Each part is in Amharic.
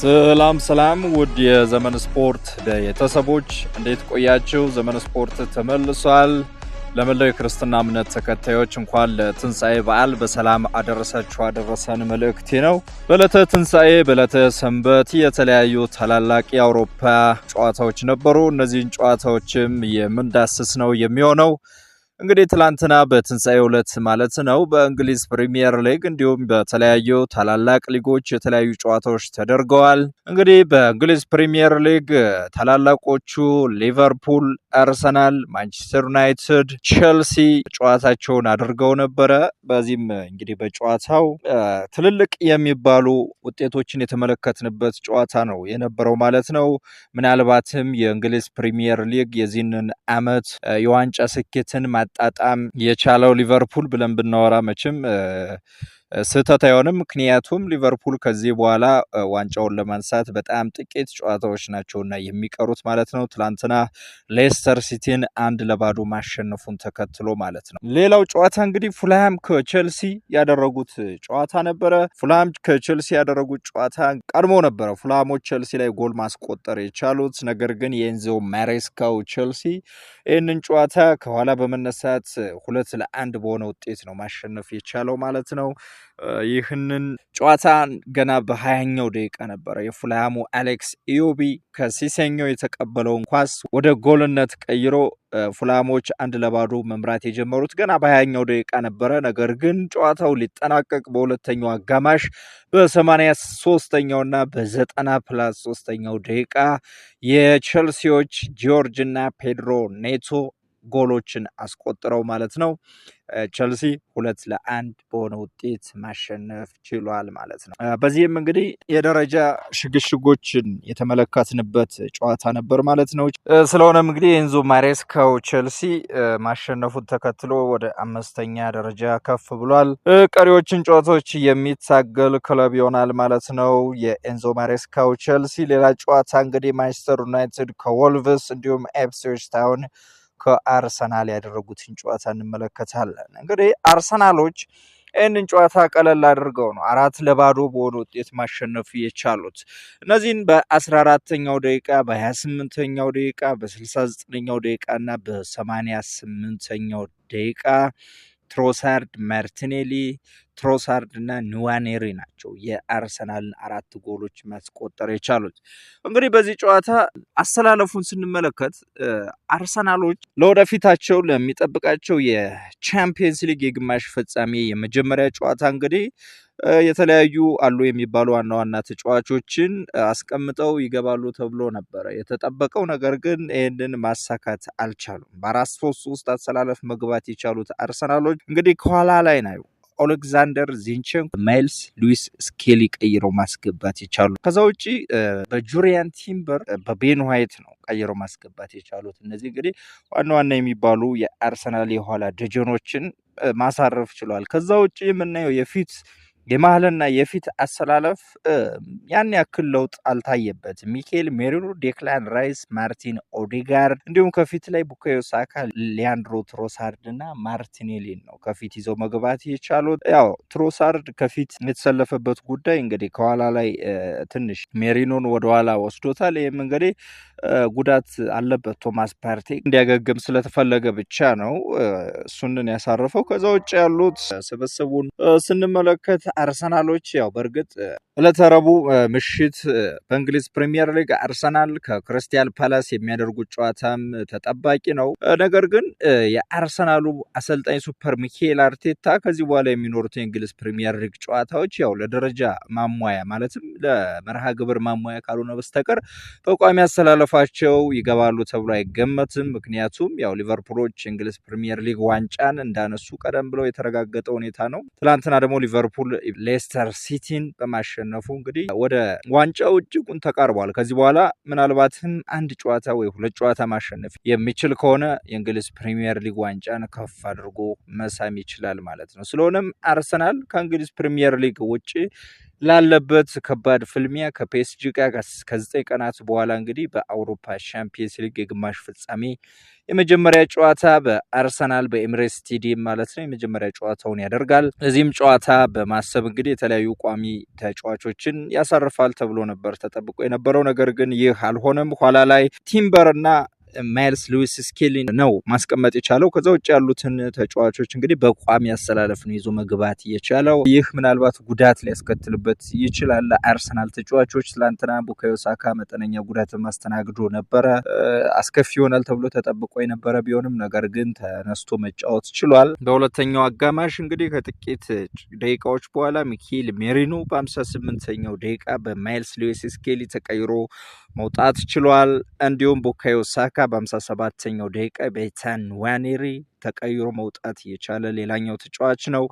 ሰላም ሰላም ውድ የዘመን ስፖርት ቤተሰቦች እንዴት ቆያችሁ? ዘመን ስፖርት ተመልሷል። ለመላው የክርስትና እምነት ተከታዮች እንኳን ለትንሣኤ በዓል በሰላም አደረሳችሁ አደረሰን መልእክቴ ነው። በለተ ትንሣኤ በለተ ሰንበት የተለያዩ ታላላቅ የአውሮፓ ጨዋታዎች ነበሩ። እነዚህን ጨዋታዎችም የምንዳስስ ነው የሚሆነው እንግዲህ ትላንትና በትንሣኤ ዕለት ማለት ነው በእንግሊዝ ፕሪሚየር ሊግ እንዲሁም በተለያዩ ታላላቅ ሊጎች የተለያዩ ጨዋታዎች ተደርገዋል። እንግዲህ በእንግሊዝ ፕሪሚየር ሊግ ታላላቆቹ ሊቨርፑል፣ አርሰናል፣ ማንቸስተር ዩናይትድ፣ ቼልሲ ጨዋታቸውን አድርገው ነበረ። በዚህም እንግዲህ በጨዋታው ትልልቅ የሚባሉ ውጤቶችን የተመለከትንበት ጨዋታ ነው የነበረው ማለት ነው። ምናልባትም የእንግሊዝ ፕሪሚየር ሊግ የዚህንን ዓመት የዋንጫ ስኬትን ማጣጣም የቻለው ሊቨርፑል ብለን ብናወራ መቼም ስህተት አይሆንም። ምክንያቱም ሊቨርፑል ከዚህ በኋላ ዋንጫውን ለማንሳት በጣም ጥቂት ጨዋታዎች ናቸውና የሚቀሩት ማለት ነው። ትላንትና ሌስተር ሲቲን አንድ ለባዶ ማሸነፉን ተከትሎ ማለት ነው። ሌላው ጨዋታ እንግዲህ ፉልሃም ከቼልሲ ያደረጉት ጨዋታ ነበረ። ፉልሃም ከቼልሲ ያደረጉት ጨዋታ ቀድሞ ነበረ ፉልሃሞች ቼልሲ ላይ ጎል ማስቆጠር የቻሉት ነገር ግን የኤንዞ ማሬስካው ቼልሲ ይህንን ጨዋታ ከኋላ በመነሳት ሁለት ለአንድ በሆነ ውጤት ነው ማሸነፍ የቻለው ማለት ነው። ይህንን ጨዋታ ገና በሀያኛው ደቂቃ ነበረ የፉላያሙ አሌክስ ኢዮቢ ከሲሴኞ የተቀበለውን ኳስ ወደ ጎልነት ቀይሮ ፉላሞች አንድ ለባዶ መምራት የጀመሩት ገና በሀያኛው ደቂቃ ነበረ። ነገር ግን ጨዋታው ሊጠናቀቅ በሁለተኛው አጋማሽ በሰማንያ ሶስተኛው በዘጠና ፕላስ ሶስተኛው ደቂቃ የቼልሲዎች ጂዮርጅ እና ፔድሮ ኔቶ ጎሎችን አስቆጥረው ማለት ነው። ቸልሲ ሁለት ለአንድ በሆነ ውጤት ማሸነፍ ችሏል ማለት ነው። በዚህም እንግዲህ የደረጃ ሽግሽጎችን የተመለከትንበት ጨዋታ ነበር ማለት ነው። ስለሆነም እንግዲህ የኤንዞ ማሬስካው ቸልሲ ማሸነፉን ተከትሎ ወደ አምስተኛ ደረጃ ከፍ ብሏል። ቀሪዎችን ጨዋታዎች የሚታገል ክለብ ይሆናል ማለት ነው። የኤንዞ ማሬስካው ቸልሲ ሌላ ጨዋታ እንግዲህ ማንቸስተር ዩናይትድ ከወልቭስ እንዲሁም ኤፕስዊች ታውን ከአርሰናል ያደረጉትን ጨዋታ እንመለከታለን። እንግዲህ አርሰናሎች ይህንን ጨዋታ ቀለል አድርገው ነው አራት ለባዶ በሆነ ውጤት ማሸነፍ የቻሉት። እነዚህን በአስራ አራተኛው ደቂቃ በሀያ ስምንተኛው ደቂቃ በስልሳ ዘጠነኛው ደቂቃ እና በሰማኒያ ስምንተኛው ደቂቃ ትሮሳርድ፣ ማርቲኔሊ፣ ትሮሳርድ እና ንዋኔሪ ናቸው የአርሰናልን አራት ጎሎች ማስቆጠር የቻሉት። እንግዲህ በዚህ ጨዋታ አሰላለፉን ስንመለከት አርሰናሎች ለወደፊታቸው ለሚጠብቃቸው የቻምፒየንስ ሊግ የግማሽ ፍጻሜ የመጀመሪያ ጨዋታ እንግዲህ የተለያዩ አሉ የሚባሉ ዋና ዋና ተጫዋቾችን አስቀምጠው ይገባሉ ተብሎ ነበረ የተጠበቀው። ነገር ግን ይህንን ማሳካት አልቻሉም። በአራት ሶስት ውስጥ አሰላለፍ መግባት የቻሉት አርሰናሎች እንግዲህ ከኋላ ላይ ናዩ ኦሌክዛንደር ዚንቸንኮ፣ ማይልስ ሉዊስ ስኬሊ ቀይረው ማስገባት የቻሉ ከዛ ውጭ በጁሪያን ቲምበር፣ በቤን ዋይት ነው ቀይሮ ማስገባት የቻሉት። እነዚህ እንግዲህ ዋና ዋና የሚባሉ የአርሰናል የኋላ ደጀኖችን ማሳረፍ ችሏል። ከዛ ውጭ የምናየው የፊት የመሀልና የፊት አሰላለፍ ያን ያክል ለውጥ አልታየበት። ሚኬል ሜሪኖ፣ ዴክላን ራይስ፣ ማርቲን ኦዴጋርድ እንዲሁም ከፊት ላይ ቡካዮ ሳካ፣ ሊያንድሮ ትሮሳርድ እና ማርቲኔሊን ነው ከፊት ይዘው መግባት የቻሉት። ያው ትሮሳርድ ከፊት የተሰለፈበት ጉዳይ እንግዲህ ከኋላ ላይ ትንሽ ሜሪኖን ወደኋላ ወስዶታል። ይህም እንግዲህ ጉዳት አለበት ቶማስ ፓርቴ እንዲያገግም ስለተፈለገ ብቻ ነው እሱንን ያሳረፈው። ከዛ ውጭ ያሉት ስብስቡን ስንመለከት አርሰናሎች ያው በእርግጥ ዕለተ ረቡዕ ምሽት በእንግሊዝ ፕሪሚየር ሊግ አርሰናል ከክሪስታል ፓላስ የሚያደርጉት ጨዋታም ተጠባቂ ነው። ነገር ግን የአርሰናሉ አሰልጣኝ ሱፐር ሚካኤል አርቴታ ከዚህ በኋላ የሚኖሩት የእንግሊዝ ፕሪሚየር ሊግ ጨዋታዎች ያው ለደረጃ ማሟያ ማለትም ለመርሃ ግብር ማሟያ ካልሆነ በስተቀር በቋሚ አስተላለፋቸው ይገባሉ ተብሎ አይገመትም። ምክንያቱም ያው ሊቨርፑሎች የእንግሊዝ ፕሪሚየር ሊግ ዋንጫን እንዳነሱ ቀደም ብለው የተረጋገጠ ሁኔታ ነው። ትናንትና ደግሞ ሊቨርፑል ሌስተር ሲቲን በማሸ ማሸነፉ እንግዲህ ወደ ዋንጫው እጅጉን ተቃርቧል። ከዚህ በኋላ ምናልባትም አንድ ጨዋታ ወይ ሁለት ጨዋታ ማሸነፍ የሚችል ከሆነ የእንግሊዝ ፕሪሚየር ሊግ ዋንጫን ከፍ አድርጎ መሳም ይችላል ማለት ነው። ስለሆነም አርሰናል ከእንግሊዝ ፕሪሚየር ሊግ ውጭ ላለበት ከባድ ፍልሚያ ከፒኤስጂ ጋር ከዘጠኝ ቀናት በኋላ እንግዲህ በአውሮፓ ሻምፒየንስ ሊግ የግማሽ ፍጻሜ የመጀመሪያ ጨዋታ በአርሰናል በኤምሬትስ ስቴዲየም ማለት ነው የመጀመሪያ ጨዋታውን ያደርጋል። እዚህም ጨዋታ በማሰብ እንግዲህ የተለያዩ ቋሚ ተጫዋቾችን ያሳርፋል ተብሎ ነበር ተጠብቆ የነበረው ነገር ግን ይህ አልሆነም። ኋላ ላይ ቲምበር እና ማይልስ ሉዊስ ስኬሊ ነው ማስቀመጥ የቻለው። ከዛ ውጭ ያሉትን ተጫዋቾች እንግዲህ በቋሚ አሰላለፍ ነው ይዞ መግባት የቻለው። ይህ ምናልባት ጉዳት ሊያስከትልበት ይችላል። አርሰናል ተጫዋቾች ትላንትና ቡካዮ ሳካ መጠነኛ ጉዳት ማስተናግዶ ነበረ። አስከፊ ይሆናል ተብሎ ተጠብቆ የነበረ ቢሆንም ነገር ግን ተነስቶ መጫወት ችሏል። በሁለተኛው አጋማሽ እንግዲህ ከጥቂት ደቂቃዎች በኋላ ሚኬል ሜሪኖ በ58ኛው ደቂቃ በማይልስ ሉዊስ ስኬሊ ተቀይሮ መውጣት ችሏል። እንዲሁም ቡካዮ ሳካ በ57ኛው ደቂቃ ቤተን ዋኔሪ ተቀይሮ መውጣት የቻለ ሌላኛው ተጫዋች ነው።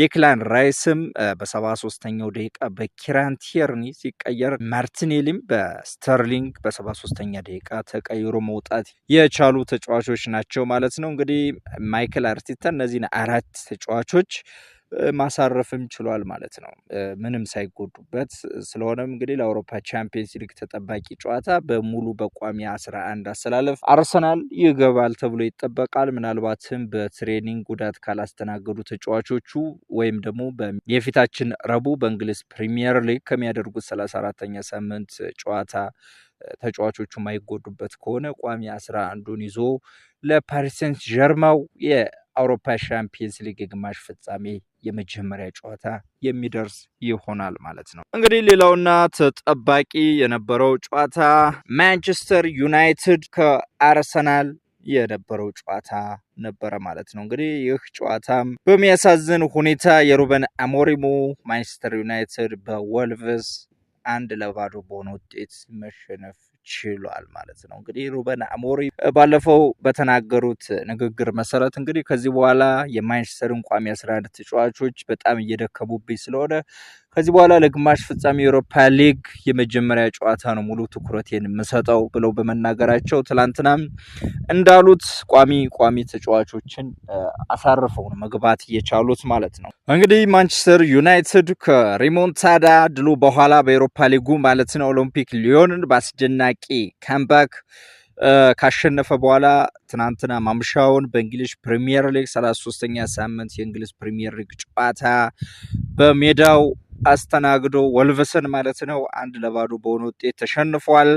ዴክላን ራይስም በ73ኛው ደቂቃ በኪራን ሲቀየር፣ ማርቲኔሊም በስተርሊንግ በ73ኛ ደቂቃ ተቀይሮ መውጣት የቻሉ ተጫዋቾች ናቸው ማለት ነው። እንግዲህ ማይክል አርቴታ እነዚህን አራት ተጫዋቾች ማሳረፍም ችሏል ማለት ነው ምንም ሳይጎዱበት። ስለሆነም እንግዲህ ለአውሮፓ ቻምፒየንስ ሊግ ተጠባቂ ጨዋታ በሙሉ በቋሚ 11 አሰላለፍ አርሰናል ይገባል ተብሎ ይጠበቃል። ምናልባትም በትሬኒንግ ጉዳት ካላስተናገዱ ተጫዋቾቹ ወይም ደግሞ የፊታችን ረቡዕ በእንግሊዝ ፕሪሚየር ሊግ ከሚያደርጉት 34 ተኛ ሳምንት ጨዋታ ተጫዋቾቹ ማይጎዱበት ከሆነ ቋሚ አስራ አንዱን ይዞ ለፓሪስ ጀርማው የአውሮፓ ሻምፒየንስ ሊግ ግማሽ ፍጻሜ የመጀመሪያ ጨዋታ የሚደርስ ይሆናል ማለት ነው። እንግዲህ ሌላውና ተጠባቂ የነበረው ጨዋታ ማንቸስተር ዩናይትድ ከአርሰናል የነበረው ጨዋታ ነበረ ማለት ነው። እንግዲህ ይህ ጨዋታም በሚያሳዝን ሁኔታ የሩበን አሞሪሙ ማንቸስተር ዩናይትድ በወልቭስ አንድ ለባዶ በሆነ ውጤት መሸነፍ ችሏል ማለት ነው። እንግዲህ ሩበን አሞሪ ባለፈው በተናገሩት ንግግር መሰረት እንግዲህ ከዚህ በኋላ የማንቸስተርን ቋሚ አስራ አንድ ተጫዋቾች በጣም እየደከሙብኝ ስለሆነ ከዚህ በኋላ ለግማሽ ፍጻሜ የአውሮፓ ሊግ የመጀመሪያ ጨዋታ ነው ሙሉ ትኩረቴን የምሰጠው ብለው በመናገራቸው ትላንትናም እንዳሉት ቋሚ ቋሚ ተጫዋቾችን አሳርፈው መግባት እየቻሉት ማለት ነው። እንግዲህ ማንቸስተር ዩናይትድ ከሪሞንታዳ ድሉ በኋላ በአውሮፓ ሊጉ ማለት ነው ኦሎምፒክ ሊዮንን በአስደናቂ ካምባክ ካሸነፈ በኋላ ትናንትና ማምሻውን በእንግሊሽ ፕሪሚየር ሊግ 33ኛ ሳምንት የእንግሊዝ ፕሪሚየር ሊግ ጨዋታ በሜዳው አስተናግዶ ወልቭስን ማለት ነው አንድ ለባዶ በሆነ ውጤት ተሸንፏል።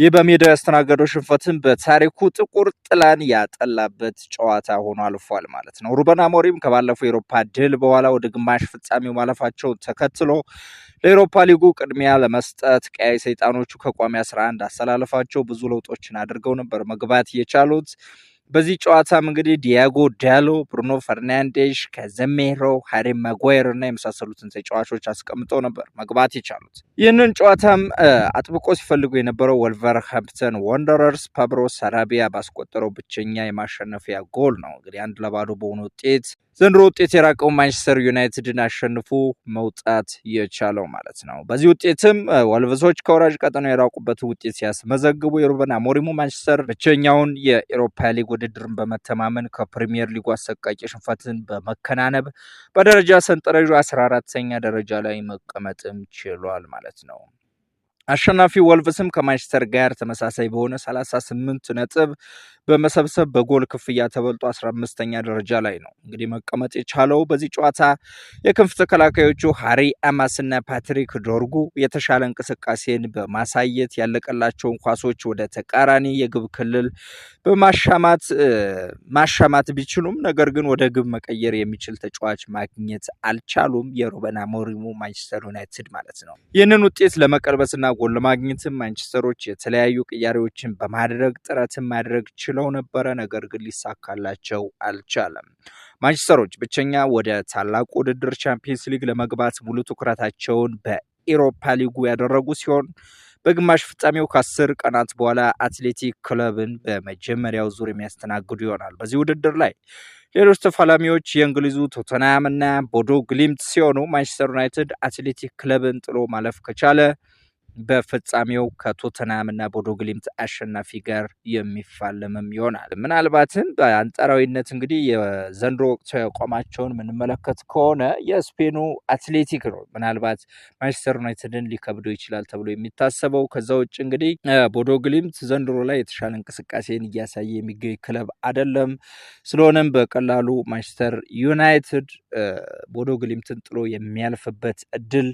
ይህ በሜዳ ያስተናገደው ሽንፈትን በታሪኩ ጥቁር ጥላን ያጠላበት ጨዋታ ሆኖ አልፏል ማለት ነው። ሩበን አሞሪም ከባለፈው የአውሮፓ ድል በኋላ ወደ ግማሽ ፍጻሜው ማለፋቸውን ተከትሎ ለአውሮፓ ሊጉ ቅድሚያ ለመስጠት ቀያይ ሰይጣኖቹ ከቋሚ 11 አሰላለፋቸው ብዙ ለውጦችን አድርገው ነበር መግባት የቻሉት። በዚህ ጨዋታም እንግዲህ ዲያጎ ዳሎ፣ ብሩኖ ፈርናንዴሽ፣ ከዘሜሮ፣ ሃሪ መጓየር እና የመሳሰሉትን ተጫዋቾች አስቀምጠው ነበር መግባት የቻሉት። ይህንን ጨዋታም አጥብቆ ሲፈልጉ የነበረው ወልቨር ወልቨርሃምፕተን ወንደረርስ ፓብሎ ሰራቢያ ባስቆጠረው ብቸኛ የማሸነፊያ ጎል ነው እንግዲህ አንድ ለባዶ በሆነ ውጤት ዘንድሮ ውጤት የራቀው ማንቸስተር ዩናይትድን አሸንፎ መውጣት የቻለው ማለት ነው። በዚህ ውጤትም ወልቭሶች ከወራጅ ቀጠና የራቁበት ውጤት ሲያስመዘግቡ የሩበን አሞሪሙ ማንቸስተር ብቸኛውን የኤሮፓ ሊግ ውድድርን በመተማመን ከፕሪሚየር ሊጉ አሰቃቂ ሽንፈትን በመከናነብ በደረጃ ሰንጠረዡ 14ኛ ደረጃ ላይ መቀመጥም ችሏል ማለት ነው። አሸናፊ ወልቭስም ከማንቸስተር ጋር ተመሳሳይ በሆነ 38 ነጥብ በመሰብሰብ በጎል ክፍያ ተበልጦ 15ኛ ደረጃ ላይ ነው። እንግዲህ መቀመጥ የቻለው በዚህ ጨዋታ የክንፍ ተከላካዮቹ ሃሪ አማስ እና ፓትሪክ ዶርጉ የተሻለ እንቅስቃሴን በማሳየት ያለቀላቸውን ኳሶች ወደ ተቃራኒ የግብ ክልል በማሻማት ማሻማት ቢችሉም ነገር ግን ወደ ግብ መቀየር የሚችል ተጫዋች ማግኘት አልቻሉም። የሩበን አሞሪሙ ማንቸስተር ዩናይትድ ማለት ነው። ይህንን ውጤት ለመቀልበስና ጎል ለማግኘትም ማንቸስተሮች የተለያዩ ቅያሬዎችን በማድረግ ጥረትን ማድረግ ችለው ነበረ፣ ነገር ግን ሊሳካላቸው አልቻለም። ማንቸስተሮች ብቸኛ ወደ ታላቁ ውድድር ቻምፒየንስ ሊግ ለመግባት ሙሉ ትኩረታቸውን በኤሮፓ ሊጉ ያደረጉ ሲሆን በግማሽ ፍጻሜው ከአስር ቀናት በኋላ አትሌቲክ ክለብን በመጀመሪያው ዙር የሚያስተናግዱ ይሆናል። በዚህ ውድድር ላይ ሌሎች ተፋላሚዎች የእንግሊዙ ቶተናም እና ቦዶ ግሊምት ሲሆኑ ማንቸስተር ዩናይትድ አትሌቲክ ክለብን ጥሎ ማለፍ ከቻለ በፍጻሜው ከቶተናምና ቦዶግሊምት አሸናፊ ጋር የሚፋለምም ይሆናል። ምናልባትም በአንጻራዊነት እንግዲህ የዘንድሮ ወቅት አቋማቸውን የምንመለከት ከሆነ የስፔኑ አትሌቲክ ነው ምናልባት ማንቸስተር ዩናይትድን ሊከብዶ ይችላል ተብሎ የሚታሰበው። ከዛ ውጭ እንግዲህ ቦዶግሊምት ዘንድሮ ላይ የተሻለ እንቅስቃሴን እያሳየ የሚገኝ ክለብ አይደለም። ስለሆነም በቀላሉ ማንቸስተር ዩናይትድ ቦዶግሊምትን ጥሎ የሚያልፍበት እድል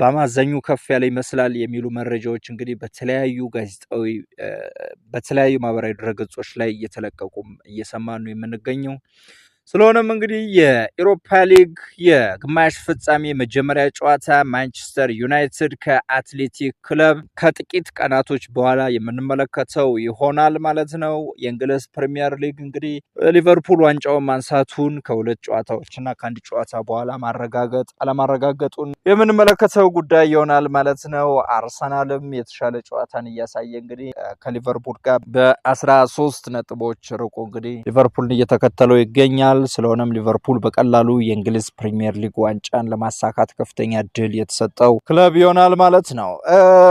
በአማዛኙ ከፍ ያለ ይመስላል የሚሉ መረጃዎች እንግዲህ በተለያዩ ጋዜጣዊ በተለያዩ ማህበራዊ ድረገጾች ላይ እየተለቀቁም እየሰማን ነው የምንገኘው። ስለሆነም እንግዲህ የኢሮፓ ሊግ የግማሽ ፍጻሜ መጀመሪያ ጨዋታ ማንቸስተር ዩናይትድ ከአትሌቲክ ክለብ ከጥቂት ቀናቶች በኋላ የምንመለከተው ይሆናል ማለት ነው። የእንግሊዝ ፕሪሚየር ሊግ እንግዲህ ሊቨርፑል ዋንጫውን ማንሳቱን ከሁለት ጨዋታዎችና ከአንድ ጨዋታ በኋላ ማረጋገጥ አለማረጋገጡን የምንመለከተው ጉዳይ ይሆናል ማለት ነው። አርሰናልም የተሻለ ጨዋታን እያሳየ እንግዲህ ከሊቨርፑል ጋር በአስራ ሶስት ነጥቦች ርቆ እንግዲህ ሊቨርፑልን እየተከተለው ይገኛል። ይገኛል። ስለሆነም ሊቨርፑል በቀላሉ የእንግሊዝ ፕሪሚየር ሊግ ዋንጫን ለማሳካት ከፍተኛ ድል የተሰጠው ክለብ ይሆናል ማለት ነው።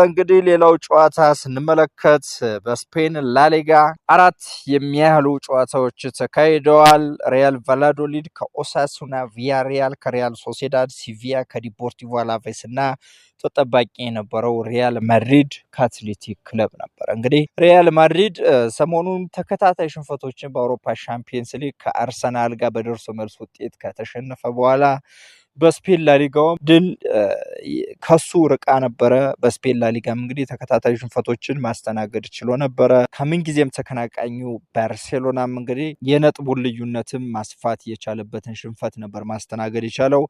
እንግዲህ ሌላው ጨዋታ ስንመለከት በስፔን ላሊጋ አራት የሚያህሉ ጨዋታዎች ተካሂደዋል። ሪያል ቫላዶሊድ ከኦሳሱና፣ ቪያሪያል ከሪያል ሶሴዳድ፣ ሲቪያ ከዲፖርቲቮ አላቬስ እና ተጠባቂ የነበረው ሪያል ማድሪድ ከአትሌቲክ ክለብ ነበር። እንግዲህ ሪያል ማድሪድ ሰሞኑን ተከታታይ ሽንፈቶችን በአውሮፓ ሻምፒየንስ ሊግ ከአርሰናል ጋር በደርሶ መልስ ውጤት ከተሸነፈ በኋላ በስፔን ላሊጋውም ድል ከሱ ርቃ ነበረ። በስፔን ላሊጋም እንግዲህ ተከታታይ ሽንፈቶችን ማስተናገድ ችሎ ነበረ። ከምንጊዜም ተቀናቃኙ ባርሴሎናም እንግዲህ የነጥቡን ልዩነትም ማስፋት የቻለበትን ሽንፈት ነበር ማስተናገድ የቻለው።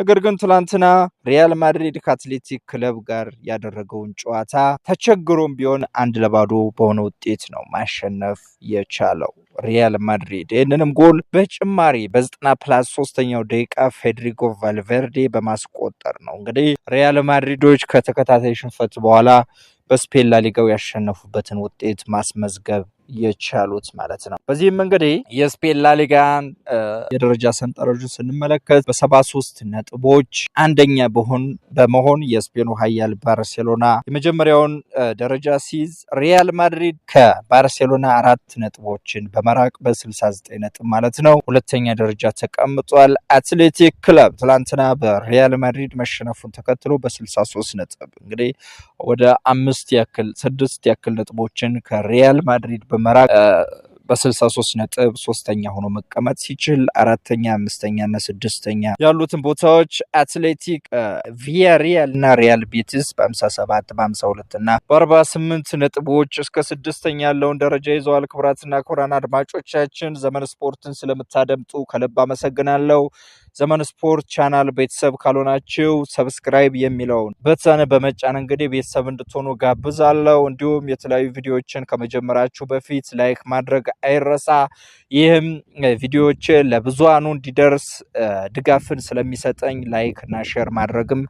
ነገር ግን ትላንትና ሪያል ማድሪድ ከአትሌቲክ ክለብ ጋር ያደረገውን ጨዋታ ተቸግሮም ቢሆን አንድ ለባዶ በሆነ ውጤት ነው ማሸነፍ የቻለው። ሪያል ማድሪድ። ይህንንም ጎል በጭማሪ በዘጠና ፕላስ ሶስተኛው ደቂቃ ፌድሪጎ ቫልቬርዴ በማስቆጠር ነው። እንግዲህ ሪያል ማድሪዶች ከተከታታይ ሽንፈት በኋላ በስፔን ላሊጋው ያሸነፉበትን ውጤት ማስመዝገብ የቻሉት ማለት ነው። በዚህም እንግዲህ የስፔን ላሊጋን የደረጃ ሰንጠረዡ ስንመለከት በሰባ ሶስት ነጥቦች አንደኛ በሆን በመሆን የስፔኑ ኃያል ባርሴሎና የመጀመሪያውን ደረጃ ሲይዝ ሪያል ማድሪድ ከባርሴሎና አራት ነጥቦችን በመራቅ በ69 ነጥብ ማለት ነው ሁለተኛ ደረጃ ተቀምጧል። አትሌቲክ ክለብ ትላንትና በሪያል ማድሪድ መሸነፉን ተከትሎ በ63 ነጥብ እንግዲህ ወደ አምስት ያክል ስድስት ያክል ነጥቦችን ከሪያል ማድሪድ በመራቅ በ63 ነጥብ ሶስተኛ ሆኖ መቀመጥ ሲችል አራተኛ፣ አምስተኛ እና ስድስተኛ ያሉትን ቦታዎች አትሌቲክ፣ ቪያሪያል እና ሪያል ቤቲስ በ57 በ52 እና በ48 ነጥቦች እስከ ስድስተኛ ያለውን ደረጃ ይዘዋል። ክቡራትና ክቡራን አድማጮቻችን ዘመን ስፖርትን ስለምታደምጡ ከልብ አመሰግናለሁ። ዘመን ስፖርት ቻናል ቤተሰብ ካልሆናችሁ ሰብስክራይብ የሚለውን በተን በመጫን እንግዲህ ቤተሰብ እንድትሆኑ ጋብዛለሁ። እንዲሁም የተለያዩ ቪዲዮዎችን ከመጀመራችሁ በፊት ላይክ ማድረግ አይረሳ። ይህም ቪዲዮዎችን ለብዙሃኑ እንዲደርስ ድጋፍን ስለሚሰጠኝ ላይክ እና ሼር ማድረግም